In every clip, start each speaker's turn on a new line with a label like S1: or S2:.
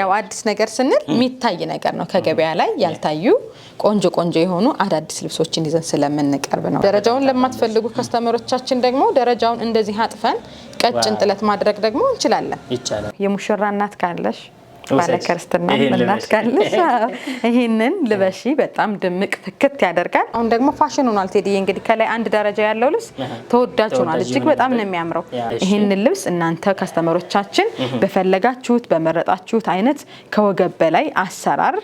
S1: ያው አዲስ ነገር ስንል የሚታይ ነገር ነው። ከገበያ ላይ ያልታዩ ቆንጆ ቆንጆ የሆኑ አዳዲስ ልብሶችን ይዘን ስለምንቀርብ ነው። ደረጃውን ለማትፈልጉ ከስተመሮቻችን ደግሞ ደረጃውን እንደዚህ አጥፈን ቀጭን ጥለት ማድረግ ደግሞ እንችላለን። የሙሽራ እናት ካለሽ ባለክርስትና እናት ካለሽ ይህንን ልበሺ በጣም ድምቅ ፍክት ያደርጋል። አሁን ደግሞ ፋሽን ሆኗል ቴዲዬ። እንግዲህ ከላይ አንድ ደረጃ ያለው ልብስ ተወዳጅ ሆኗል። እጅግ በጣም ነው የሚያምረው። ይህንን ልብስ እናንተ ከስተመሮቻችን በፈለጋችሁት በመረጣችሁት አይነት ከወገብ በላይ አሰራር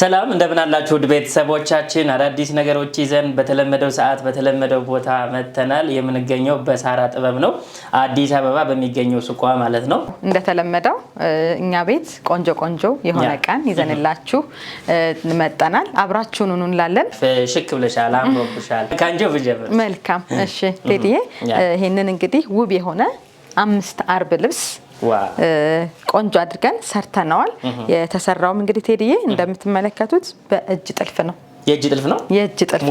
S1: ሰላም እንደምናላችሁ ውድ ቤተሰቦቻችን፣ አዳዲስ ነገሮች ይዘን በተለመደው ሰዓት በተለመደው ቦታ መጥተናል። የምንገኘው በሳራ ጥበብ ነው፣ አዲስ አበባ በሚገኘው ሱቋ ማለት ነው። እንደተለመደው እኛ ቤት ቆንጆ ቆንጆ የሆነ ቀን ይዘንላችሁ መጠናል። አብራችሁን ኑ እንላለን። ሽክ ብለሻል፣ አምሮብሻል። ከአንጆ ብጀምር መልካም። እሺ ቴዲዬ፣ ይህንን እንግዲህ ውብ የሆነ አምስት አርብ ልብስ ቆንጆ አድርገን ሰርተነዋል። የተሰራውም እንግዲህ ቴዲዬ እንደምትመለከቱት በእጅ ጥልፍ ነው። የእጅ ጥልፍ ነው። የእጅ ጥልፍ ነው።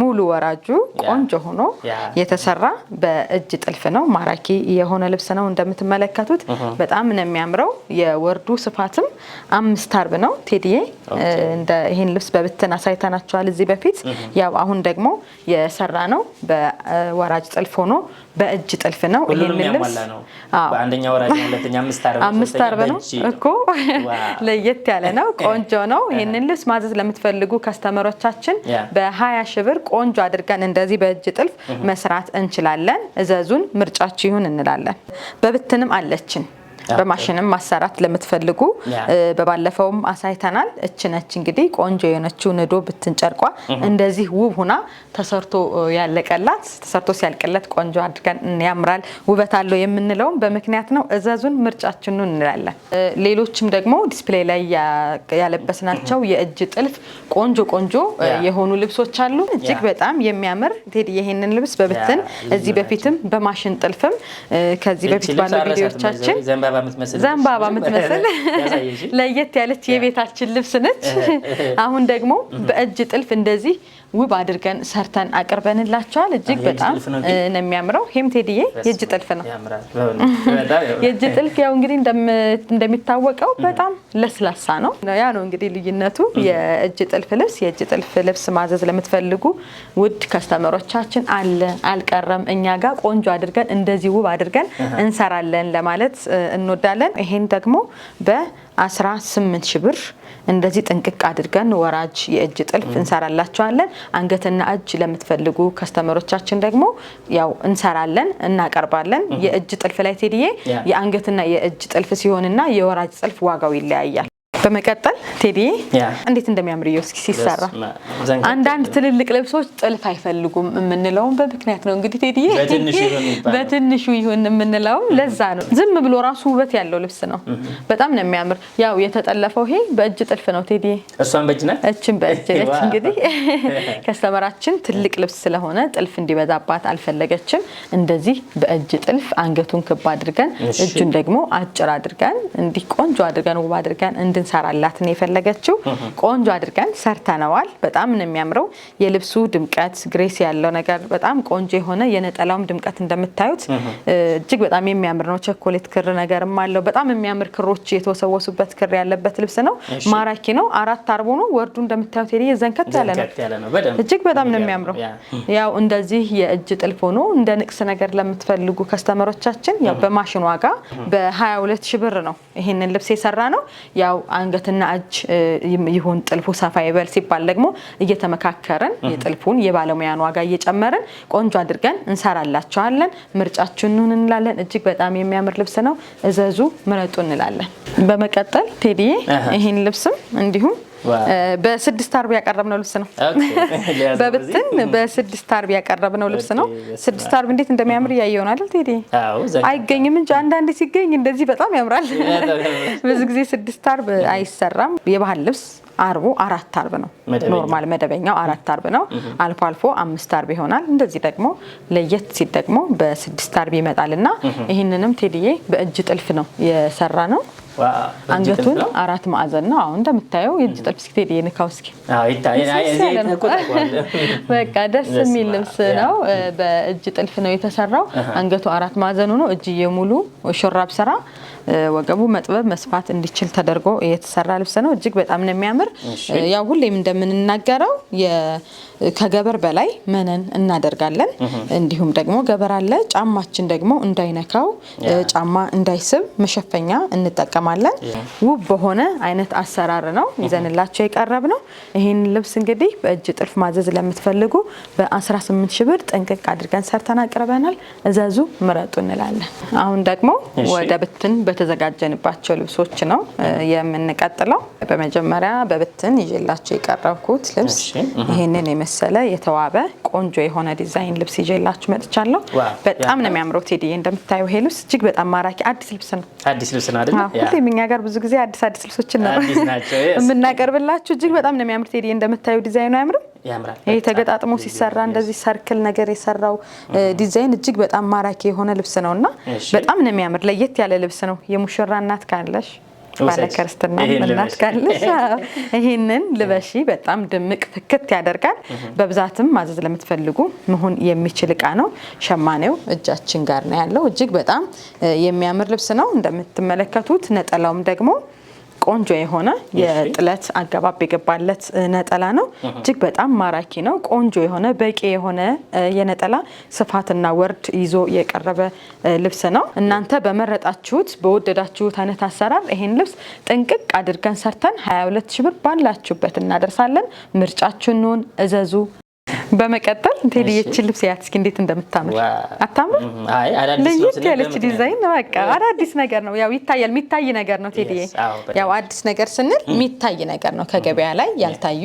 S1: ሙሉ ወራጁ ቆንጆ ሆኖ የተሰራ በእጅ ጥልፍ ነው። ማራኪ የሆነ ልብስ ነው። እንደምትመለከቱት በጣም ነው የሚያምረው። የወርዱ ስፋትም አምስት አርብ ነው። ቴዲዬ እንደ ይህን ልብስ በብትን አሳይተናቸዋል እዚህ በፊት። ያው አሁን ደግሞ የሰራ ነው በወራጅ ጥልፍ ሆኖ በእጅ ጥልፍ ነው። ይህን ልብስ አንደኛ ወራጅ ሁለተኛ አምስት አርብ ነው እኮ ለየት ያለ ነው። ቆንጆ ነው። ይህንን ልብስ ማዘዝ ለምትፈልጉ ከስተ ከስተመሮቻችን በ20 ብር ቆንጆ አድርገን እንደዚህ በእጅ ጥልፍ mm-hmm. መስራት እንችላለን። እዘዙን፣ ምርጫችሁ ይሁን እንላለን። በብትንም አለችን በማሽንም ማሰራት ለምትፈልጉ በባለፈውም አሳይተናል። እች ነች እንግዲህ ቆንጆ የሆነችው ንዶ ብትን ጨርቋ mm-hmm. እንደዚህ ውብ ሁና ተሰርቶ ያለቀላት ተሰርቶ ሲያልቅለት ቆንጆ አድርገን ያምራል ውበት አለው የምንለውም በምክንያት ነው። እዘዙን ምርጫችን እንላለን። ሌሎችም ደግሞ ዲስፕሌይ ላይ ያለበስናቸው mm-hmm. የእጅ ጥልፍ ቆንጆ ቆንጆ የሆኑ ልብሶች አሉ። እጅግ በጣም የሚያምር ቴዲ ይሄንን ልብስ በብትን እዚህ በፊትም በማሽን ጥልፍም ከዚህ በፊት ባለው ቪዲዮቻችን የምትመስል ዘንባባ የምትመስል ለየት ያለች የቤታችን ልብስ ነች። አሁን ደግሞ በእጅ ጥልፍ እንደዚህ ውብ አድርገን ሰርተን አቅርበንላቸዋል። እጅግ በጣም ነው የሚያምረው። ይህም ቴዲዬ የእጅ ጥልፍ ነው። የእጅ ጥልፍ ያው እንግዲህ እንደሚታወቀው በጣም ለስላሳ ነው። ያ ነው እንግዲህ ልዩነቱ። የእጅ ጥልፍ ልብስ የእጅ ጥልፍ ልብስ ማዘዝ ለምትፈልጉ ውድ ከስተመሮቻችን አለ አልቀረም። እኛ ጋር ቆንጆ አድርገን እንደዚህ ውብ አድርገን እንሰራለን ለማለት እንወዳለን። ይሄን ደግሞ በ 18 ሺህ ብር እንደዚህ ጥንቅቅ አድርገን ወራጅ የእጅ ጥልፍ እንሰራላቸዋለን። አንገትና እጅ ለምትፈልጉ ከስተመሮቻችን ደግሞ ያው እንሰራለን እናቀርባለን። የእጅ ጥልፍ ላይ ቴዲዬ የአንገትና የእጅ ጥልፍ ሲሆንና የወራጅ ጥልፍ ዋጋው ይለያያል። በመቀጠል ቴዲ እንዴት እንደሚያምር እስኪ ሲሰራ አንዳንድ ትልልቅ ልብሶች ጥልፍ አይፈልጉም የምንለውም በምክንያት ነው። እንግዲህ ቴዲ በትንሹ ይሁን የምንለውም ለዛ ነው። ዝም ብሎ ራሱ ውበት ያለው ልብስ ነው። በጣም ነው የሚያምር። ያው የተጠለፈው ይሄ በእጅ ጥልፍ ነው። ቴዲ እሷን በእጅ ናት፣ እችን በእጅ ነች። እንግዲህ ከስተመራችን ትልቅ ልብስ ስለሆነ ጥልፍ እንዲበዛባት አልፈለገችም። እንደዚህ በእጅ ጥልፍ አንገቱን ክብ አድርገን እጁን ደግሞ አጭር አድርገን እንዲህ ቆንጆ አድርገን ውብ አድርገን እንድን እንድንሰራላት ነው የፈለገችው። ቆንጆ አድርገን ሰርተነዋል። በጣም ነው የሚያምረው። የልብሱ ድምቀት ግሬስ ያለው ነገር በጣም ቆንጆ የሆነ የነጠላውም ድምቀት እንደምታዩት እጅግ በጣም የሚያምር ነው። ቸኮሌት ክር ነገርም አለው። በጣም የሚያምር ክሮች የተወሰወሱበት ክር ያለበት ልብስ ነው። ማራኪ ነው። አራት አርቦ ነው ወርዱ እንደምታዩት ሄ ዘንከት ያለ ነው። እጅግ በጣም ነው የሚያምረው። ያው እንደዚህ የእጅ ጥልፍ ሆኖ እንደ ንቅስ ነገር ለምትፈልጉ ከስተመሮቻችን በማሽን ዋጋ በ22 ሺ ብር ነው ይህንን ልብስ የሰራ ነው ያው አንገትና እጅ ይሁን ጥልፉ ሰፋ ይበል ሲባል ደግሞ እየተመካከርን የጥልፉን የባለሙያን ዋጋ እየጨመርን ቆንጆ አድርገን እንሰራላቸዋለን። ምርጫችንን እንላለን። እጅግ በጣም የሚያምር ልብስ ነው። እዘዙ፣ ምረጡ እንላለን። በመቀጠል ቴዲዬ ይህን ልብስም እንዲሁም በስድስት አርብ ያቀረብነው ልብስ ነው። በብትን በስድስት አርብ ያቀረብነው ልብስ ነው። ስድስት አርብ እንዴት እንደሚያምር እያየውን አይደል? ቴዲ አይገኝም እንጂ አንዳንድ ሲገኝ እንደዚህ በጣም ያምራል። ብዙ ጊዜ ስድስት አርብ አይሰራም። የባህል ልብስ አርቡ አራት አርብ ነው። ኖርማል መደበኛው አራት አርብ ነው። አልፎ አልፎ አምስት አርብ ይሆናል። እንደዚህ ደግሞ ለየት ሲል ደግሞ በስድስት አርብ ይመጣል እና ይህንንም ቴዲዬ በእጅ ጥልፍ ነው የሰራ ነው አንገቱን አራት ማዕዘን ነው። አሁን እንደምታየው የእጅ ጥልፍ ስክቴድ የንካው እስኪ በቃ ደስ የሚል ልብስ ነው። በእጅ ጥልፍ ነው የተሰራው። አንገቱ አራት ማዕዘን ሆኖ እጅዬ ሙሉ ሹራብ ስራ፣ ወገቡ መጥበብ መስፋት እንዲችል ተደርጎ የተሰራ ልብስ ነው። እጅግ በጣም ነው የሚያምር። ያው ሁሌም እንደምንናገረው ከገበር በላይ መነን እናደርጋለን። እንዲሁም ደግሞ ገበር አለ። ጫማችን ደግሞ እንዳይነካው ጫማ እንዳይስብ መሸፈኛ እንጠቀማለን። እንጠቀማለን። ውብ በሆነ አይነት አሰራር ነው uh-huh. ይዘንላቸው የቀረብ ነው። ይህን ልብስ እንግዲህ በእጅ ጥልፍ ማዘዝ ለምትፈልጉ በ18 ሺ ብር ጥንቅቅ አድርገን ሰርተን አቅርበናል። እዘዙ፣ ምረጡ እንላለን። አሁን ደግሞ ወደ ብትን በተዘጋጀንባቸው ልብሶች ነው uh-huh. የምንቀጥለው። በመጀመሪያ በብትን ይዤላቸው የቀረብኩት ልብስ uh-huh. ይህንን የመሰለ የተዋበ ቆንጆ የሆነ ዲዛይን ልብስ ይዤላችሁ መጥቻለሁ። በጣም ነው የሚያምረው ቴዲ። እንደምታየው ይሄ ልብስ እጅግ በጣም ማራኪ አዲስ ልብስ ነው። አዲስ ልብስ ነው አይደል? ሁሌም እኛ ጋር ብዙ ጊዜ አዲስ አዲስ ልብሶችን ነው የምናቀርብላችሁ። እጅግ በጣም ነው የሚያምር ቴዲ። እንደምታየው ዲዛይኑ አያምርም? ይህ ተገጣጥሞ ሲሰራ እንደዚህ ሰርክል ነገር የሰራው ዲዛይን እጅግ በጣም ማራኪ የሆነ ልብስ ነው እና በጣም ነው የሚያምር ለየት ያለ ልብስ ነው። የሙሽራ እናት ካለሽ ባለክርስትና እናት ካለሽ ይህንን ልበሺ በጣም ድምቅ ፍክት ያደርጋል። በብዛትም ማዘዝ ለምትፈልጉ መሆን የሚችል እቃ ነው። ሸማኔው እጃችን ጋር ነው ያለው። እጅግ በጣም የሚያምር ልብስ ነው እንደምትመለከቱት። ነጠላውም ደግሞ ቆንጆ የሆነ የጥለት አገባብ የገባለት ነጠላ ነው። እጅግ በጣም ማራኪ ነው። ቆንጆ የሆነ በቂ የሆነ የነጠላ ስፋትና ወርድ ይዞ የቀረበ ልብስ ነው። እናንተ በመረጣችሁት በወደዳችሁት አይነት አሰራር ይሄን ልብስ ጥንቅቅ አድርገን ሰርተን 22 ሺ ብር ባላችሁበት እናደርሳለን። ምርጫችሁ እዘዙ። በመቀጠል ቴዲ የችን ልብስ ያት እስኪ እንዴት እንደምታምር አታምር? ለየት ያለች ዲዛይን በቃ አዳዲስ ነገር ነው። ያው ይታያል፣ የሚታይ ነገር ነው ቴዲ። ያው አዲስ ነገር ስንል የሚታይ ነገር ነው። ከገበያ ላይ ያልታዩ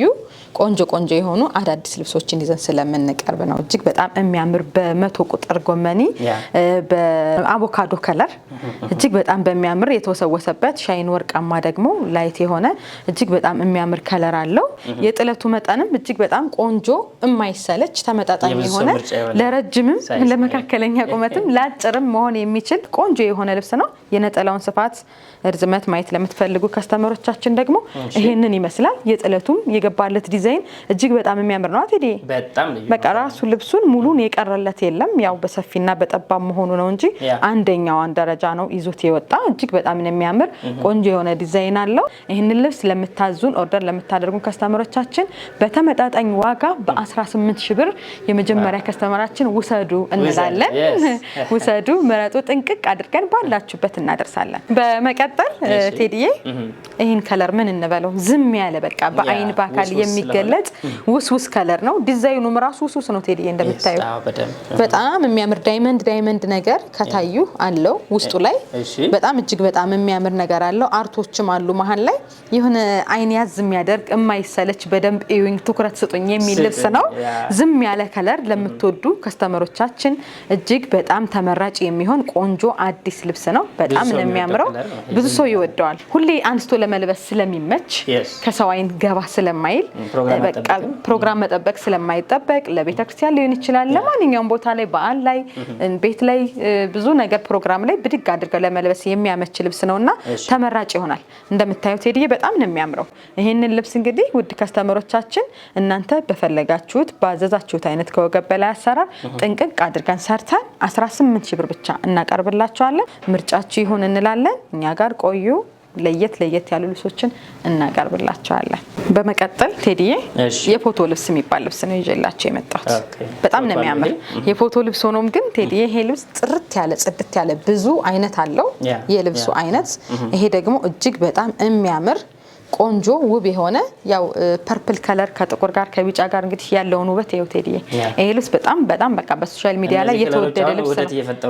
S1: ቆንጆ ቆንጆ የሆኑ አዳዲስ ልብሶችን ይዘን ስለምንቀርብ ነው። እጅግ በጣም የሚያምር በመቶ ቁጥር ጎመኒ በአቮካዶ ከለር እጅግ በጣም በሚያምር የተወሰወሰበት ሻይን ወርቃማ ደግሞ ላይት የሆነ እጅግ በጣም የሚያምር ከለር አለው። የጥለቱ መጠንም እጅግ በጣም ቆንጆ የማይ የማይሰለች ተመጣጣኝ የሆነ ለረጅምም ለመካከለኛ ቁመትም ለአጭርም መሆን የሚችል ቆንጆ የሆነ ልብስ ነው። የነጠላውን ስፋት እርዝመት ማየት ለምትፈልጉ ከስተመሮቻችን ደግሞ ይህንን ይመስላል። የጥለቱም የገባለት ዲዛይን እጅግ በጣም የሚያምር ነው። አቴዲ በቃ ራሱ ልብሱን ሙሉን የቀረለት የለም። ያው በሰፊና በጠባብ መሆኑ ነው እንጂ አንደኛዋን ደረጃ ነው ይዞት የወጣ እጅግ በጣም የሚያምር ቆንጆ የሆነ ዲዛይን አለው። ይህንን ልብስ ለምታዙን ኦርደር ለምታደርጉን ከስተመሮቻችን በተመጣጣኝ ዋጋ በ18 ስምንት ሺህ ብር የመጀመሪያ ከስተመራችን ውሰዱ እንላለን። ውሰዱ፣ ምረጡ፣ ጥንቅቅ አድርገን ባላችሁበት እናደርሳለን። በመቀጠል ቴዲዬ ይህን ከለር ምን እንበለው? ዝም ያለ በቃ በአይን በአካል የሚገለጽ ውስውስ ከለር ነው። ዲዛይኑም ራሱ ውስውስ ነው ቴዲዬ፣ እንደምታዩ በጣም የሚያምር ዳይመንድ ዳይመንድ ነገር ከታዩ አለው ውስጡ ላይ በጣም እጅግ በጣም የሚያምር ነገር አለው። አርቶችም አሉ መሀል ላይ የሆነ አይን ያዝ የሚያደርግ የማይሰለች በደንብ ኢዊንግ ትኩረት ስጡኝ የሚል ልብስ ነው። ዝም ያለ ከለር ለምትወዱ ከስተመሮቻችን እጅግ በጣም ተመራጭ የሚሆን ቆንጆ አዲስ ልብስ ነው። በጣም ነው የሚያምረው። ብዙ ሰው ይወደዋል። ሁሌ አንስቶ ለመልበስ ስለሚመች ከሰው አይን ገባ ስለማይል ፕሮግራም መጠበቅ ስለማይጠበቅ ለቤተክርስቲያን ሊሆን ይችላል፣ ለማንኛውም ቦታ ላይ በዓል ላይ mm-hmm. ቤት ላይ ብዙ ነገር ፕሮግራም ላይ ብድግ አድርገው ለመልበስ የሚያመች ልብስ ነው እና ተመራጭ ይሆናል። እንደምታዩት ሄድዬ በጣም ነው የሚያምረው። ይህንን ልብስ እንግዲህ ውድ ከስተመሮቻችን እናንተ በፈለጋችሁት ባዘዛችሁት አይነት ከወገብ በላይ አሰራር ጥንቅቅ አድርገን ሰርተን 18 ሺህ ብር ብቻ እናቀርብላችኋለን። ምርጫችሁ ይሁን እንላለን። እኛ ጋር ቆዩ። ለየት ለየት ያሉ ልብሶችን እናቀርብላቸዋለን። በመቀጠል ቴዲዬ የፎቶ ልብስ የሚባል ልብስ ነው ይዤላቸው የመጣሁት። በጣም ነው የሚያምር የፎቶ ልብስ ሆኖም ግን ቴዲዬ ይሄ ልብስ ጥርት ያለ ጽድት ያለ ብዙ አይነት አለው የልብሱ አይነት። ይሄ ደግሞ እጅግ በጣም የሚያምር ቆንጆ ውብ የሆነ ያው ፐርፕል ከለር ከጥቁር ጋር ከቢጫ ጋር እንግዲህ ያለውን ውበት ያው ቴዲዬ ይሄ ልብስ በጣም በጣም በቃ በሶሻል ሚዲያ ላይ የተወደደ ልብስ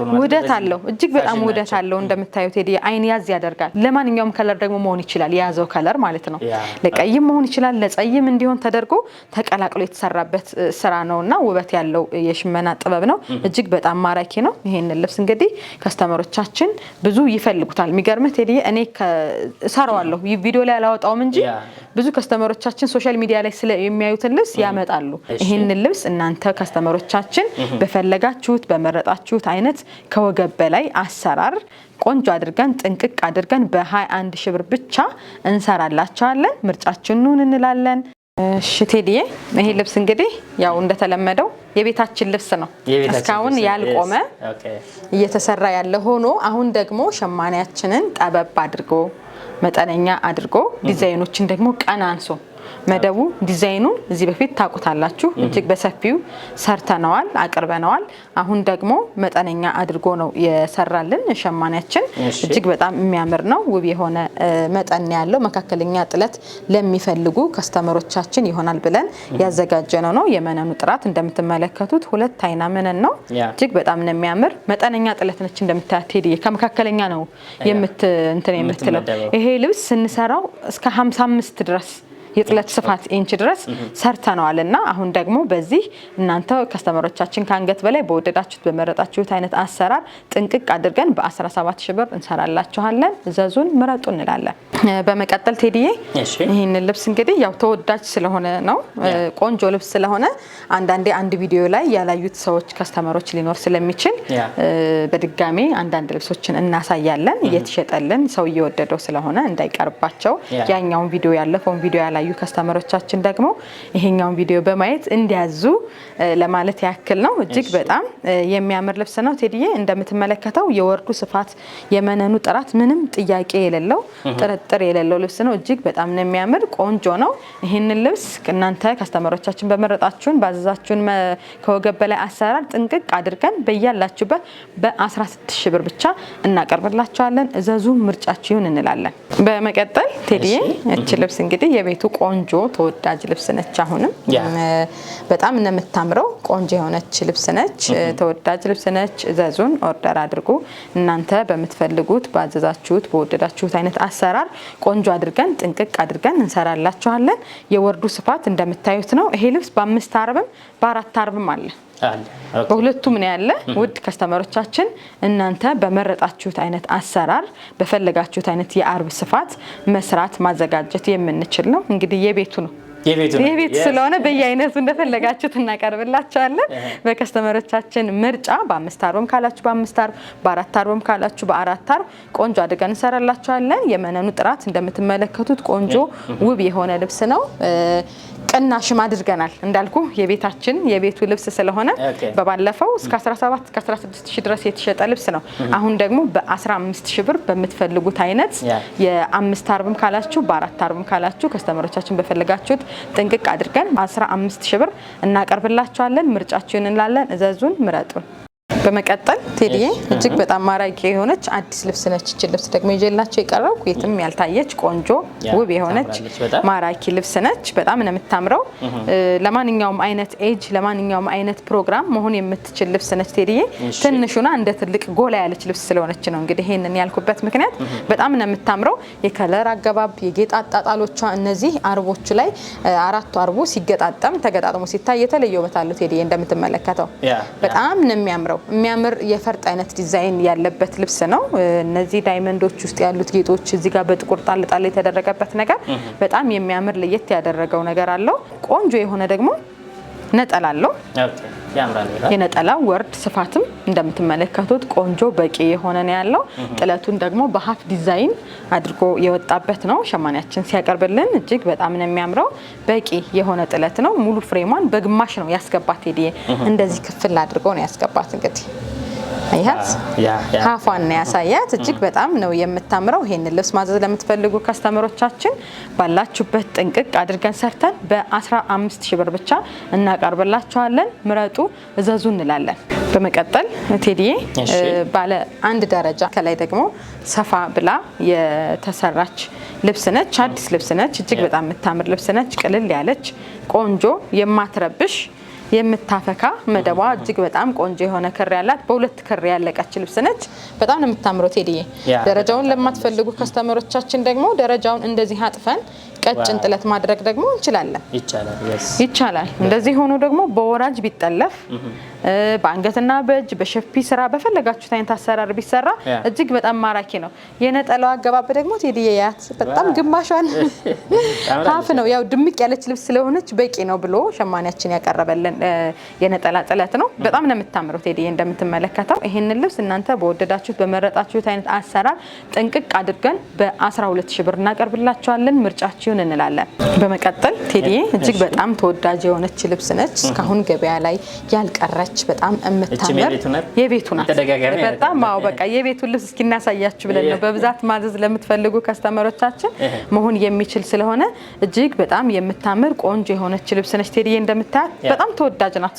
S1: ነው። ውደት አለው እጅግ በጣም ውደት አለው። እንደምታየው ቴዲዬ አይን ያዝ ያደርጋል። ለማንኛውም ከለር ደግሞ መሆን ይችላል የያዘው ከለር ማለት ነው። ለቀይም መሆን ይችላል፣ ለጸይም እንዲሆን ተደርጎ ተቀላቅሎ የተሰራበት ስራ ነው እና ውበት ያለው የሽመና ጥበብ ነው። እጅግ በጣም ማራኪ ነው። ይሄንን ልብስ እንግዲህ ከስተመሮቻችን ብዙ ይፈልጉታል። የሚገርምህ ቴዲዬ እኔ ሰራዋለሁ ቪዲዮ ላይ አላወጣው አልመጣውም እንጂ ብዙ ከስተመሮቻችን ሶሻል ሚዲያ ላይ የሚያዩትን ልብስ ያመጣሉ። ይህንን ልብስ እናንተ ከስተመሮቻችን በፈለጋችሁት በመረጣችሁት አይነት ከወገብ በላይ አሰራር ቆንጆ አድርገን ጥንቅቅ አድርገን በ21 ሺ ብር ብቻ እንሰራላቸዋለን። ምርጫችንን እንላለን። ሽቴዲዬ ይሄ ልብስ እንግዲህ ያው እንደተለመደው የቤታችን ልብስ ነው። እስካሁን ያልቆመ እየተሰራ ያለ ሆኖ አሁን ደግሞ ሸማኔያችንን ጠበብ አድርጎ መጠነኛ አድርጎ ዲዛይኖችን ደግሞ ቀናንሶ መደቡ ዲዛይኑ እዚህ በፊት ታውቁታላችሁ። እጅግ በሰፊው ሰርተነዋል፣ አቅርበነዋል። አሁን ደግሞ መጠነኛ አድርጎ ነው የሰራልን ሸማኔያችን። እጅግ በጣም የሚያምር ነው። ውብ የሆነ መጠን ያለው መካከለኛ ጥለት ለሚፈልጉ ከስተመሮቻችን ይሆናል ብለን ያዘጋጀነው ነው። የመነኑ ጥራት እንደምትመለከቱት ሁለት አይና መነን ነው። እጅግ በጣም ነው የሚያምር። መጠነኛ ጥለት ነች እንደምታያት ከመካከለኛ ነው የምትለው። ይሄ ልብስ ስንሰራው እስከ 55 ድረስ የጥለት ስፋት ኢንች ድረስ ሰርተነዋል እና አሁን ደግሞ በዚህ እናንተ ከስተመሮቻችን ከአንገት በላይ በወደዳችሁት በመረጣችሁት አይነት አሰራር ጥንቅቅ አድርገን በ17 ሺ ብር እንሰራላችኋለን። ዘዙን ምረጡ እንላለን። በመቀጠል ቴዲዬ ይህንን ልብስ እንግዲህ ያው ተወዳጅ ስለሆነ ነው ቆንጆ ልብስ ስለሆነ አንዳንዴ አንድ ቪዲዮ ላይ ያላዩት ሰዎች ከስተመሮች ሊኖር ስለሚችል በድጋሜ አንዳንድ ልብሶችን እናሳያለን። እየተሸጠልን ሰው እየወደደው ስለሆነ እንዳይቀርባቸው ያኛውን ቪዲዮ ያለፈውን ቪዲዮ ያላ የተለያዩ ከስተመሮቻችን ደግሞ ይሄኛውን ቪዲዮ በማየት እንዲያዙ ለማለት ያክል ነው። እጅግ በጣም የሚያምር ልብስ ነው ቴዲዬ። እንደምትመለከተው የወርዱ ስፋት፣ የመነኑ ጥራት ምንም ጥያቄ የሌለው ጥርጥር የሌለው ልብስ ነው። እጅግ በጣም ነው የሚያምር፣ ቆንጆ ነው። ይህንን ልብስ እናንተ ከስተመሮቻችን በመረጣችሁን ባዘዛችሁን ከወገብ በላይ አሰራር ጥንቅቅ አድርገን በያላችሁበት በ16 ሺ ብር ብቻ እናቀርብላችኋለን። እዘዙ፣ ምርጫችሁን እንላለን። በመቀጠል ቴዲዬ እች ልብስ እንግዲህ የቤቱ ቆንጆ ተወዳጅ ልብስ ነች። አሁንም በጣም እንደምታምረው ቆንጆ የሆነች ልብስ ነች። ተወዳጅ ልብስ ነች። ዘዙን ኦርደር አድርጉ። እናንተ በምትፈልጉት ባዘዛችሁት፣ በወደዳችሁት አይነት አሰራር ቆንጆ አድርገን ጥንቅቅ አድርገን እንሰራላችኋለን። የወርዱ ስፋት እንደምታዩት ነው። ይሄ ልብስ በአምስት አርብም በአራት አርብም አለ። በሁለቱም ነው ያለ። ውድ ከስተመሮቻችን እናንተ በመረጣችሁት አይነት አሰራር በፈለጋችሁት አይነት የአርብ ስፋት መስራት ማዘጋጀት የምንችል ነው። እንግዲህ የቤቱ ነው የቤት ስለሆነ በየአይነቱ እንደፈለጋችሁት እናቀርብላቸዋለን። በከስተመሮቻችን ምርጫ በአምስት አርብም ካላችሁ በአምስት አርብ፣ በአራት አርብም ካላችሁ በአራት አርብ ቆንጆ አድርገን እንሰራላቸዋለን። የመነኑ ጥራት እንደምትመለከቱት ቆንጆ ውብ የሆነ ልብስ ነው። ቅናሽም አድርገናል እንዳልኩ የቤታችን የቤቱ ልብስ ስለሆነ በባለፈው እስከ 17 እስከ 16 ሺህ ድረስ የተሸጠ ልብስ ነው። አሁን ደግሞ በ15 ሺህ ብር በምትፈልጉት አይነት የአምስት አርብም ካላችሁ በአራት አርብም ካላችሁ ከስተመሮቻችን በፈለጋችሁት ጥንቅቅ አድርገን 15 ሺህ ብር እናቀርብላችኋለን። ምርጫችሁን እንላለን። እዘዙን፣ ምረጡን። በመቀጠል ቴዲዬ እጅግ በጣም ማራኪ የሆነች አዲስ ልብስ ነች። ይች ልብስ ደግሞ ይዤላቸው የቀረው የትም ያልታየች ቆንጆ ውብ የሆነች ማራኪ ልብስ ነች። በጣም ነው የምታምረው። ለማንኛውም አይነት ኤጅ፣ ለማንኛውም አይነት ፕሮግራም መሆን የምትችል ልብስ ነች። ቴዲዬ ትንሹና እንደ ትልቅ ጎላ ያለች ልብስ ስለሆነች ነው እንግዲህ ይሄንን ያልኩበት ምክንያት። በጣም ነው የምታምረው። የከለር አገባብ፣ የጌጥ አጣጣሎቿ እነዚህ አርቦቹ ላይ አራቱ አርቦ ሲገጣጠም ተገጣጥሞ ሲታይ የተለየ ውበት አለው። ቴዲዬ እንደምትመለከተው በጣም ነው የሚያምረው። የሚያምር የፈርጥ አይነት ዲዛይን ያለበት ልብስ ነው። እነዚህ ዳይመንዶች ውስጥ ያሉት ጌጦች እዚህ ጋር በጥቁር ጣል ጣል የተደረገበት ነገር በጣም የሚያምር ለየት ያደረገው ነገር አለው። ቆንጆ የሆነ ደግሞ ነጠላ አለው። የነጠላ ወርድ ስፋትም እንደምትመለከቱት ቆንጆ በቂ የሆነ ነው ያለው። ጥለቱን ደግሞ በሀፍ ዲዛይን አድርጎ የወጣበት ነው። ሸማኔያችን ሲያቀርብልን እጅግ በጣም ነው የሚያምረው። በቂ የሆነ ጥለት ነው። ሙሉ ፍሬሟን በግማሽ ነው ያስገባት ሄድዬ። እንደዚህ ክፍል አድርጎ ነው ያስገባት እንግዲህ አያት uh, ሀፏን ያሳያት። mm-hmm. እጅግ በጣም ነው የምታምረው። ይህን ልብስ ማዘዝ ለምትፈልጉ ከስተመሮቻችን ባላችሁበት ጥንቅቅ አድርገን ሰርተን በ15 ሺህ ብር ብቻ እናቀርብላችኋለን። ምረጡ፣ እዘዙ እንላለን። በመቀጠል ቴዲዬ ባለ አንድ ደረጃ ከላይ ደግሞ ሰፋ ብላ የተሰራች ልብስ ነች። አዲስ ልብስ ነች። እጅግ በጣም የምታምር ልብስ ነች። ቅልል ያለች ቆንጆ የማትረብሽ የምታፈካ መደቧ እጅግ በጣም ቆንጆ የሆነ ክር ያላት በሁለት ክር ያለቀች ልብስ ነች። በጣም ነው የምታምረው ቴዲዬ። ደረጃውን ለማትፈልጉ ከስተመሮቻችን ደግሞ ደረጃውን እንደዚህ አጥፈን ቀጭን ጥለት ማድረግ ደግሞ እንችላለን። ይቻላል። እንደዚህ ሆኖ ደግሞ በወራጅ ቢጠለፍ በአንገትና በእጅ በሸፒ ስራ በፈለጋችሁት አይነት አሰራር ቢሰራ እጅግ በጣም ማራኪ ነው። የነጠላው አገባብ ደግሞ ቴዲ ያት በጣም ግማሿን ሀፍ ነው ያው ድምቅ ያለች ልብስ ስለሆነች በቂ ነው ብሎ ሸማኔያችን ያቀረበልን የነጠላ ጥለት ነው። በጣም ነው የምታምረው ቴዲ እንደምትመለከተው። ይህንን ልብስ እናንተ በወደዳችሁት በመረጣችሁት አይነት አሰራር ጥንቅቅ አድርገን በ ሺ ብር እናቀርብላችኋለን። ምርጫችሁን እንላለን። በመቀጠል ቴዲ እጅግ በጣም ተወዳጅ የሆነች ልብስ ነች። እስካሁን ገበያ ላይ ያልቀረች ነች። በጣም የምታምር የቤቱ ናት። በጣም አዎ፣ በቃ የቤቱን ልብስ እስኪ እናሳያችሁ ብለን ነው። በብዛት ማዘዝ ለምትፈልጉ ከስተመሮቻችን መሆን የሚችል ስለሆነ እጅግ በጣም የምታምር ቆንጆ የሆነች ልብስ ነች። ቴዲዬ እንደምታያት በጣም ተወዳጅ ናት።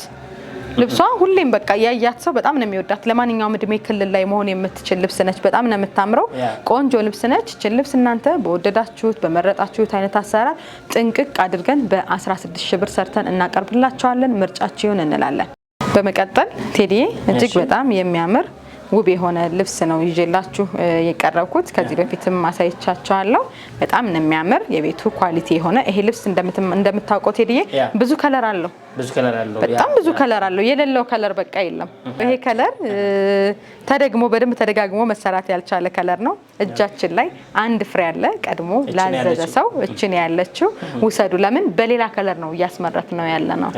S1: ልብሷ ሁሌም በቃ ያያት ሰው በጣም ነው የሚወዳት። ለማንኛውም እድሜ ክልል ላይ መሆን የምትችል ልብስ ነች። በጣም ነው የምታምረው፣ ቆንጆ ልብስ ነች። ችን ልብስ እናንተ በወደዳችሁት በመረጣችሁት አይነት አሰራር ጥንቅቅ አድርገን በ16 ሺ ብር ሰርተን እናቀርብላቸዋለን ምርጫችሁን እንላለን። በመቀጠል ቴዲዬ እጅግ በጣም የሚያምር ውብ የሆነ ልብስ ነው ይዤላችሁ የቀረብኩት። ከዚህ በፊትም ማሳይቻቸዋለሁ። በጣም ነው የሚያምር የቤቱ ኳሊቲ የሆነ ይሄ ልብስ እንደምታውቀው ቴዲዬ ብዙ ከለር አለው። በጣም ብዙ ከለር አለው። የሌለው ከለር በቃ የለም። ይሄ ከለር ተደግሞ በደንብ ተደጋግሞ መሰራት ያልቻለ ከለር ነው። እጃችን ላይ አንድ ፍሬ አለ። ቀድሞ ላዘዘ ሰው እችን ያለችው ውሰዱ። ለምን በሌላ ከለር ነው እያስመረት ነው ያለ ነው።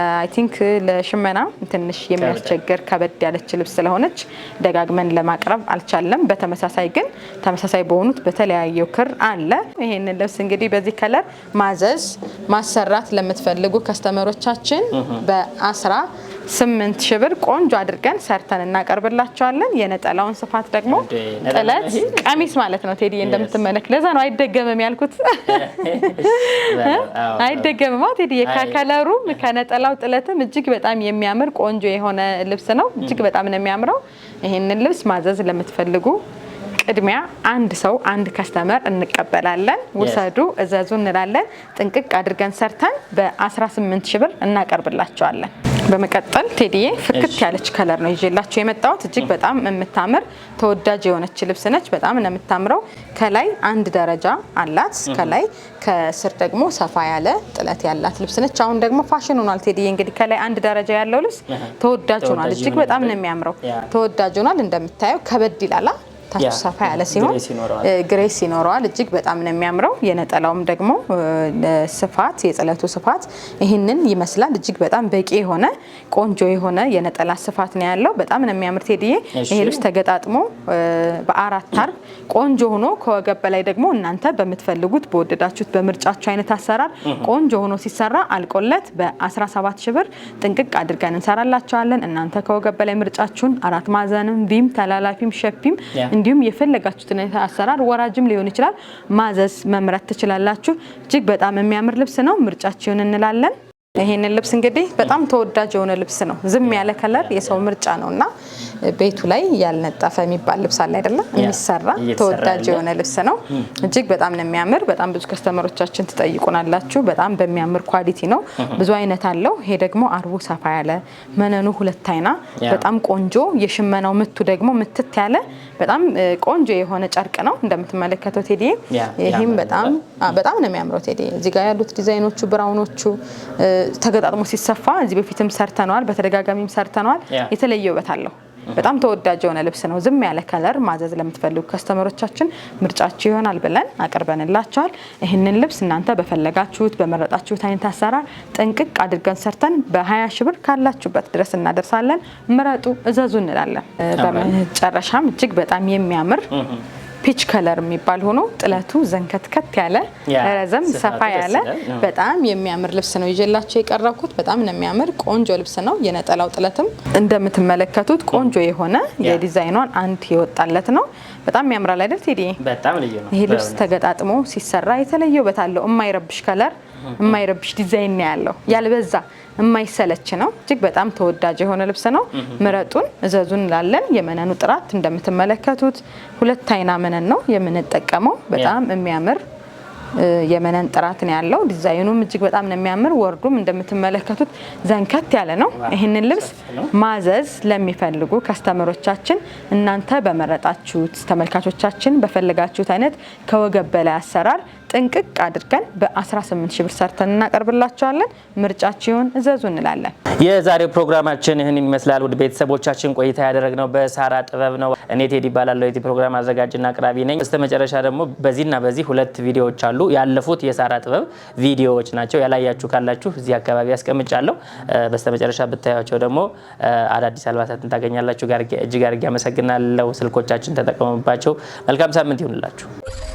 S1: አይ ቲንክ ለሽመና ትንሽ የሚያስቸግር ከበድ ያለች ልብስ ስለሆነች ደጋግመን ለማቅረብ አልቻለም። በተመሳሳይ ግን ተመሳሳይ በሆኑት በተለያየው ክር አለ። ይሄንን ልብስ እንግዲህ በዚህ ከለር ማዘዝ ማሰራት ለምትፈልጉ ከስተመሮቻ ፕሮዳክቶቻችን በአስራ ስምንት ሺህ ብር ቆንጆ አድርገን ሰርተን እናቀርብላቸዋለን። የነጠላውን ስፋት ደግሞ ጥለት ቀሚስ ማለት ነው ቴዲ እንደምትመለክ ለዛ ነው አይደገምም ያልኩት። አይደገምማ ቴዲ ከከለሩም ከነጠላው ጥለትም እጅግ በጣም የሚያምር ቆንጆ የሆነ ልብስ ነው። እጅግ በጣም ነው የሚያምረው። ይህንን ልብስ ማዘዝ ለምትፈልጉ ቅድሚያ አንድ ሰው አንድ ከስተመር እንቀበላለን። ውሰዱ እዘዙ እንላለን። ጥንቅቅ አድርገን ሰርተን በ18 ሺህ ብር እናቀርብላቸዋለን። በመቀጠል ቴዲዬ ፍክት ያለች ከለር ነው ይዤላችሁ የመጣሁት። እጅግ በጣም የምታምር ተወዳጅ የሆነች ልብስ ነች። በጣም ነው የምታምረው። ከላይ አንድ ደረጃ አላት፣ ከላይ ከስር ደግሞ ሰፋ ያለ ጥለት ያላት ልብስ ነች። አሁን ደግሞ ፋሽን ሆኗል ቴዲዬ። እንግዲህ ከላይ አንድ ደረጃ ያለው ልብስ ተወዳጅ ሆኗል። እጅግ በጣም ነው የሚያምረው፣ ተወዳጅ ሆኗል። እንደምታየው ከበድ ይላላ ታች ሰፋ ያለ ሲሆን ግሬስ ይኖረዋል። እጅግ በጣም ነው የሚያምረው። የነጠላውም ደግሞ ስፋት የጥለቱ ስፋት ይህንን ይመስላል። እጅግ በጣም በቂ የሆነ ቆንጆ የሆነ የነጠላ ስፋት ነው ያለው። በጣም ነው የሚያምር ቴዲዬ። ይሄ ልብስ ተገጣጥሞ በአራት አርብ ቆንጆ ሆኖ ከወገብ በላይ ደግሞ እናንተ በምትፈልጉት በወደዳችሁት በምርጫችሁ አይነት አሰራር ቆንጆ ሆኖ ሲሰራ አልቆለት በ17 ሽብር ብር ጥንቅቅ አድርገን እንሰራላቸዋለን። እናንተ ከወገብ በላይ ምርጫችሁን አራት ማዕዘንም ቪም ተላላፊም ሸፒም እንዲሁም የፈለጋችሁትን አሰራር ወራጅም ሊሆን ይችላል ማዘዝ መምረት ትችላላችሁ። እጅግ በጣም የሚያምር ልብስ ነው። ምርጫችሁን እንላለን። ይሄንን ልብስ እንግዲህ በጣም ተወዳጅ የሆነ ልብስ ነው። ዝም ያለ ከለር የሰው ምርጫ ነው እና ቤቱ ላይ ያልነጠፈ የሚባል ልብስ አለ አይደለም? የሚሰራ ተወዳጅ የሆነ ልብስ ነው። እጅግ በጣም ነው የሚያምር። በጣም ብዙ ከስተመሮቻችን ትጠይቁናላችሁ። በጣም በሚያምር ኳሊቲ ነው። ብዙ አይነት አለው። ይሄ ደግሞ አርቡ ሰፋ ያለ መነኑ ሁለት አይና በጣም ቆንጆ፣ የሽመናው ምቱ ደግሞ ምትት ያለ በጣም ቆንጆ የሆነ ጨርቅ ነው እንደምትመለከተው ቴዲ። ይህም በጣም በጣም ነው የሚያምረው ቴዲ። እዚጋ ያሉት ዲዛይኖቹ ብራውኖቹ ተገጣጥሞ ሲሰፋ እዚህ በፊትም ሰርተነዋል፣ በተደጋጋሚም ሰርተነዋል። የተለየ ውበት አለው። በጣም ተወዳጅ የሆነ ልብስ ነው። ዝም ያለ ከለር ማዘዝ ለምትፈልጉ ከስተመሮቻችን ምርጫችሁ ይሆናል ብለን አቅርበንላቸዋል። ይህንን ልብስ እናንተ በፈለጋችሁት በመረጣችሁት አይነት አሰራር ጥንቅቅ አድርገን ሰርተን በ20 ሺ ብር ካላችሁበት ድረስ እናደርሳለን። ምረጡ፣ እዘዙ እንላለን። በመጨረሻም እጅግ በጣም የሚያምር ፒች ከለር የሚባል ሆኖ ጥለቱ ዘንከትከት ያለ ረዘም ሰፋ ያለ በጣም የሚያምር ልብስ ነው ይዤላቸው የቀረብኩት። በጣም ነው የሚያምር ቆንጆ ልብስ ነው። የነጠላው ጥለትም እንደምትመለከቱት ቆንጆ የሆነ የዲዛይኗን አንድ የወጣለት ነው። በጣም ያምራል አይደል ቴዲ? በጣም ልዩ ነው። ይሄ ልብስ ተገጣጥሞ ሲሰራ የተለየ ውበት አለው። የማይረብሽ ከለር፣ የማይረብሽ ዲዛይን ነው ያለው። ያልበዛ የማይሰለች ነው። እጅግ በጣም ተወዳጅ የሆነ ልብስ ነው። ምረጡን፣ እዘዙን ላለን የመነኑ ጥራት እንደምትመለከቱት ሁለት አይና መነን ነው የምንጠቀመው። በጣም የሚያምር የመነን ጥራት ነው ያለው። ዲዛይኑም እጅግ በጣም ነው የሚያምር። ወርዱም እንደምትመለከቱት ዘንከት ያለ ነው። ይህንን ልብስ ማዘዝ ለሚፈልጉ ከስተመሮቻችን እናንተ በመረጣችሁት ተመልካቾቻችን በፈለጋችሁት አይነት ከወገብ በላይ አሰራር ጥንቅቅ አድርገን በ18 ሺ ብር ሰርተን እናቀርብላቸዋለን። ምርጫችሁን እዘዙ እንላለን። የዛሬው ፕሮግራማችን ይህን ይመስላል። ውድ ቤተሰቦቻችን ቆይታ ያደረግነው በሳራ ጥበብ ነው። እኔ ቴዲ ይባላለሁ። የዚህ ፕሮግራም አዘጋጅና አቅራቢ ነኝ። በስተ መጨረሻ ደግሞ በዚህና በዚህ ሁለት ቪዲዮዎች አሉ። ያለፉት የሳራ ጥበብ ቪዲዮዎች ናቸው። ያላያችሁ ካላችሁ እዚህ አካባቢ ያስቀምጫለሁ። በስተ መጨረሻ ብታያቸው ደግሞ አዳዲስ አልባሳትን ታገኛላችሁ። እጅግ አድርጌ አመሰግናለሁ። ስልኮቻችን ተጠቀሙባቸው። መልካም ሳምንት ይሁንላችሁ።